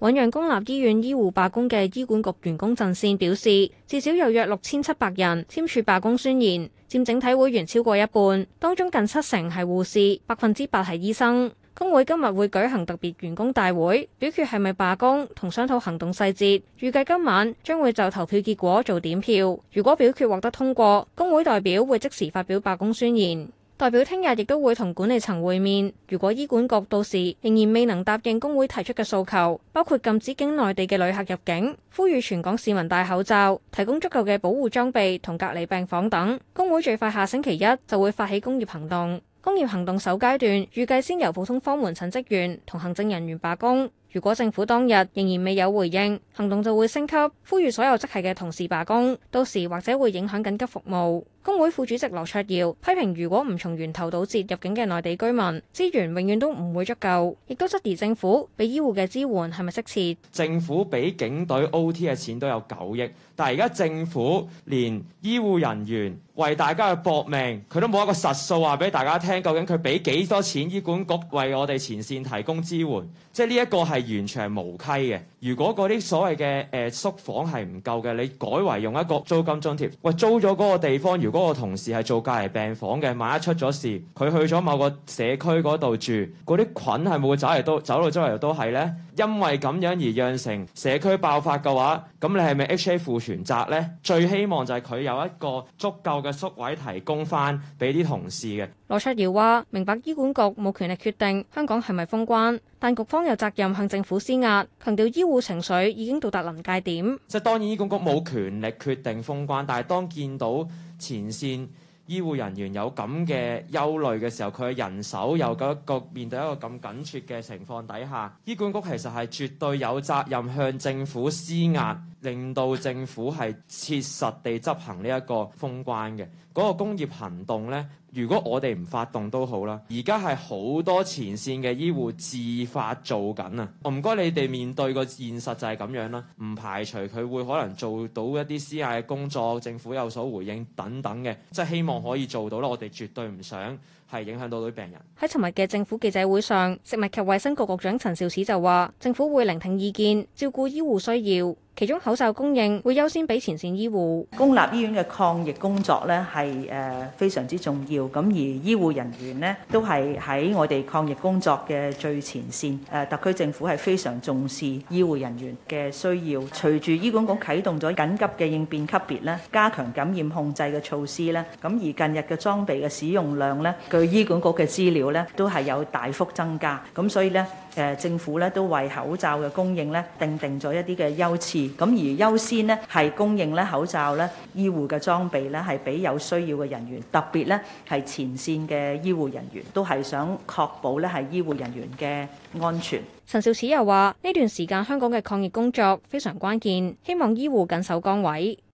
醞釀公立醫院醫護罷工嘅醫管局員工陣線表示，至少有約六千七百人簽署罷工宣言，佔整體會員超過一半，當中近七成係護士，百分之八係醫生。工會今日會舉行特別員工大會表決係咪罷工同商討行動細節，預計今晚將會就投票結果做點票。如果表決獲得通過，工會代表會即時發表罷工宣言。代表聽日亦都會同管理層會面。如果醫管局到時仍然未能答應工會提出嘅訴求，包括禁止經內地嘅旅客入境、呼籲全港市民戴口罩、提供足夠嘅保護裝備同隔離病房等，工會最快下星期一就會發起工業行動。工業行動首階段預計先由普通科門診職員同行政人員罷工。如果政府當日仍然未有回應，行動就會升級，呼籲所有職系嘅同事罷工，到時或者會影響緊急服務。工會副主席羅卓堯批評：如果唔從源頭堵截入境嘅內地居民，資源永遠都唔會足夠，亦都質疑政府俾醫護嘅支援係咪適切。政府俾警隊 O.T. 嘅錢都有九億，但係而家政府連醫護人員為大家去搏命，佢都冇一個實數話俾大家聽，究竟佢俾幾多錢醫管局為我哋前線提供支援？即係呢一個係完全係無稽嘅。如果嗰啲所謂嘅誒宿房係唔夠嘅，你改為用一個租金津貼。喂，租咗嗰個地方，如果個同事係做隔離病房嘅，萬一出咗事，佢去咗某個社區嗰度住，嗰啲菌係冇走嚟都走到周圍都係呢？因為咁樣而釀成社區爆發嘅話，咁你係咪 HA 負全責呢？最希望就係佢有一個足夠嘅宿位提供翻俾啲同事嘅。羅卓堯話：明白醫管局冇權力決定香港係咪封關。但局方有責任向政府施壓，強調醫護情緒已經到達臨界點。即係當然，醫管局冇權力決定封關，但係當見到前線醫護人員有咁嘅憂慮嘅時候，佢嘅人手又一個面對一個咁緊缺嘅情況底下，醫管局其實係絕對有責任向政府施壓，令到政府係切實地執行呢一個封關嘅嗰個、那個工業行動呢。如果我哋唔發動都好啦，而家係好多前線嘅醫護自發做緊啊！唔該，你哋面對個現實就係咁樣啦。唔排除佢會可能做到一啲私下嘅工作，政府有所回應等等嘅，即係希望可以做到啦。我哋絕對唔想係影響到啲病人。喺尋日嘅政府記者會上，食物及衛生局局長陳肇始就話：政府會聆聽意見，照顧醫護需要。其中口罩供應會優先俾前線醫護。公立醫院嘅抗疫工作咧係誒非常之重要，咁而醫護人員咧都係喺我哋抗疫工作嘅最前線。誒特區政府係非常重視醫護人員嘅需要。隨住醫管局啟動咗緊急嘅應變級別咧，加強感染控制嘅措施咧，咁而近日嘅裝備嘅使用量咧，據醫管局嘅資料咧，都係有大幅增加。咁所以咧誒政府咧都為口罩嘅供應咧定定咗一啲嘅優。咁而優先呢係供應咧口罩咧，醫護嘅裝備咧，係俾有需要嘅人員，特別咧係前線嘅醫護人員，都係想確保咧係醫護人員嘅安全。陳肇始又話：呢段時間香港嘅抗疫工作非常關鍵，希望醫護緊守崗位。